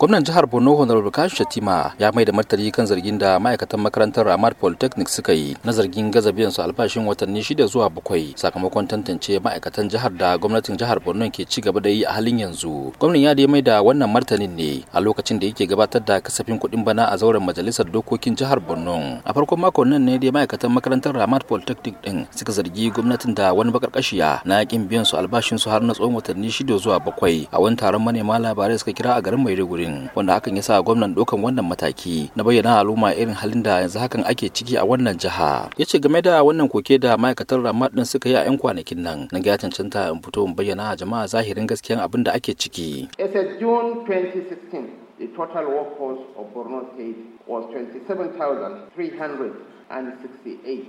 gwamnan jihar borno honorable kashi shatima ya mai da martani kan zargin da ma'aikatan makarantar ramar polytechnic suka yi na zargin gaza biyan su albashin watanni shida zuwa bakwai sakamakon tantance ma'aikatan jihar da gwamnatin jihar borno ke ci gaba da yi a halin yanzu gwamnan ya da mai da wannan martanin ne a lokacin da yake gabatar da kasafin kuɗin bana a zauren majalisar dokokin jihar borno a farkon makon nan ne dai ma'aikatan makarantar ramar polytechnic din suka zargi gwamnatin da wani bakarkashiya na yakin biyan su albashin su har na tsawon watanni shida zuwa bakwai a wani taron manema labarai suka kira a garin maiduguri yankin wanda hakan ya sa gwamnan ɗaukan wannan mataki na bayyana al'umma irin halin da yanzu hakan ake ciki a wannan jiha ya ce game da wannan koke da ma'aikatar rama din suka yi a 'yan kwanakin nan na ga cancanta in fito in bayyana jama'a zahirin gaskiyan abin da ake ciki. As of June 2016, the total workforce of Borno State was 27,368.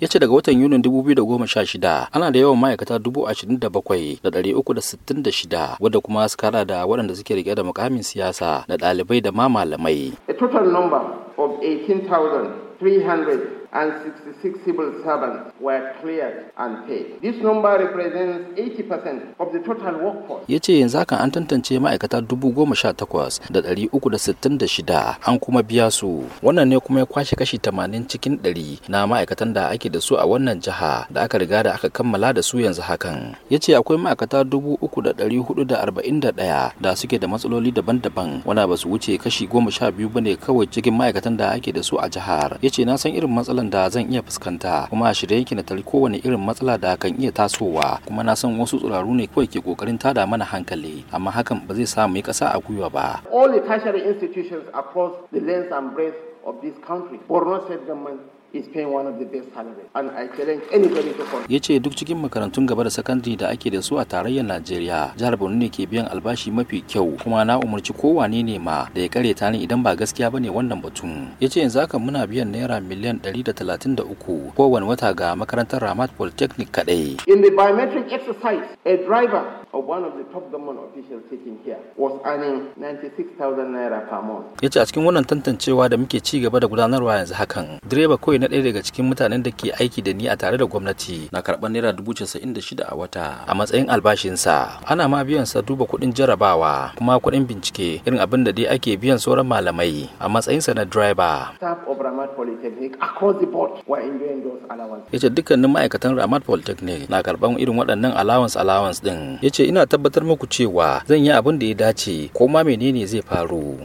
ya ce daga watan yunin 2016 ana da yawan ma'aikata 27,366 wadda kuma suka kara da waɗanda suke rike da mukamin siyasa da ɗalibai da ma malamai. A total number of 18,300 and 66 civil servants were cleared and paid. This number represents 80% of the total workforce. Ya ce yanzu haka an tantance ma'aikata 18,366 an kuma biya su. Wannan ne kuma ya kwashe kashi 80 cikin 100 na ma'aikatan da ake da su a wannan jiha da aka riga da aka kammala da su yanzu hakan. Ya ce akwai ma'aikata 3,441 da suke da matsaloli daban-daban wanda ba su wuce kashi 12 bane kawai cikin ma'aikatan da ake da su a jihar. Ya ce na san irin matsalan matsalolin da zan iya fuskanta kuma a shirye yake na tari kowane irin matsala da kan iya tasowa kuma na san wasu tsiraru ne kawai ke kokarin tada mana hankali amma hakan ba zai sa mu yi ƙasa a gwiwa ba. All the tertiary institutions across the length and breadth of this country, Borno State government is one best and I challenge Ya ce duk cikin makarantun gaba da sakandare da ake da su a tarayyar Najeriya, jihar Borno ne ke biyan albashi mafi kyau kuma na umarci kowane ne ma da ya kare ta ni idan ba gaskiya bane wannan batun. Ya ce yanzu haka muna biyan naira miliyan 133 kowane wata ga makarantar Ramat Polytechnic kadai. In the biometric exercise, a driver of one of the top government officials sitting here was earning 96,000 naira per month. Ya ce a cikin wannan tantancewa da muke ci gaba da gudanarwa yanzu hakan, direba kawai na ɗaya daga cikin mutanen da ke aiki da ni a tare da gwamnati na karɓar naira dubu casa'in da shida a wata a matsayin albashinsa. Ana ma biyan sa duba kuɗin jarabawa kuma kuɗin bincike irin abin da dai ake biyan sauran malamai a matsayinsa na driver. Staff of Ramat Polytechnic across the board were enjoying those allowances. Ya ce dukkanin ma'aikatan Ramat Polytechnic na karɓar irin waɗannan allowance allowance ɗin. Ya ce ce ina tabbatar muku cewa zan yi abin da ya dace ko ma menene zai faru.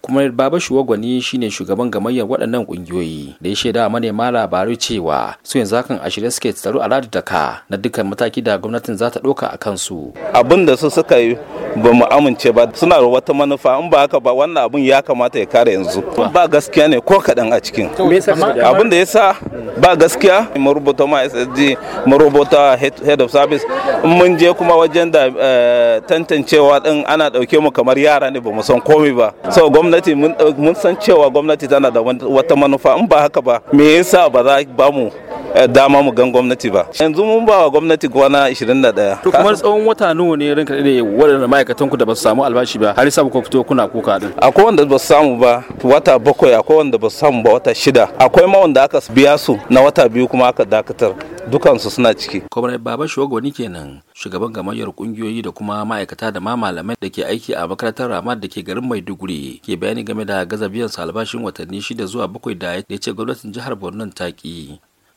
Kuma Baba Shuwagwani shine shugaban gamayyar waɗannan ƙungiyoyi da ya shaida manema labarai cewa su yanzu hakan a shirye suke tsaro a ladadaka na dukkan mataki da gwamnatin za ta ɗauka a kansu. Abin da su suka yi ba mu amince ba suna da wata manufa in ba haka ba wannan abun ya kamata ya kare yanzu ba gaskiya ne ko kaɗan a cikin abin da ya sa ba gaskiya mu rubuta ma ssd mu rubuta head of service mun je kuma wajen da eh, tantancewa din ana ɗauke mu kamar yara ne ba mu san komai ba so gwamnati mun san cewa gwamnati tana da wata manufa in ba haka ba me yasa ba za ba mu Eh, dama mu gan gwamnati ba yanzu mun ba wa gwamnati kwana 21 to kamar tsawon wata nawa ne rinka ne waɗanda ma'aikatan ku da ba su samu albashi ba har sa ku fito kuna kuka din akwai wanda ba su samu ba wata bakwai akwai wanda ba su samu ba wata shida akwai ma wanda aka biya su na wata biyu kuma aka dakatar dukansu suna ciki. Kwamrai Baba ni kenan shugaban gamayyar kungiyoyi da kuma ma'aikata da ma malamai da ke aiki a makarantar Ramad da ke garin Maiduguri ke bayani game da gaza biyan albashin watanni shida zuwa bakwai da ya ce gwamnatin jihar Borno ta ki.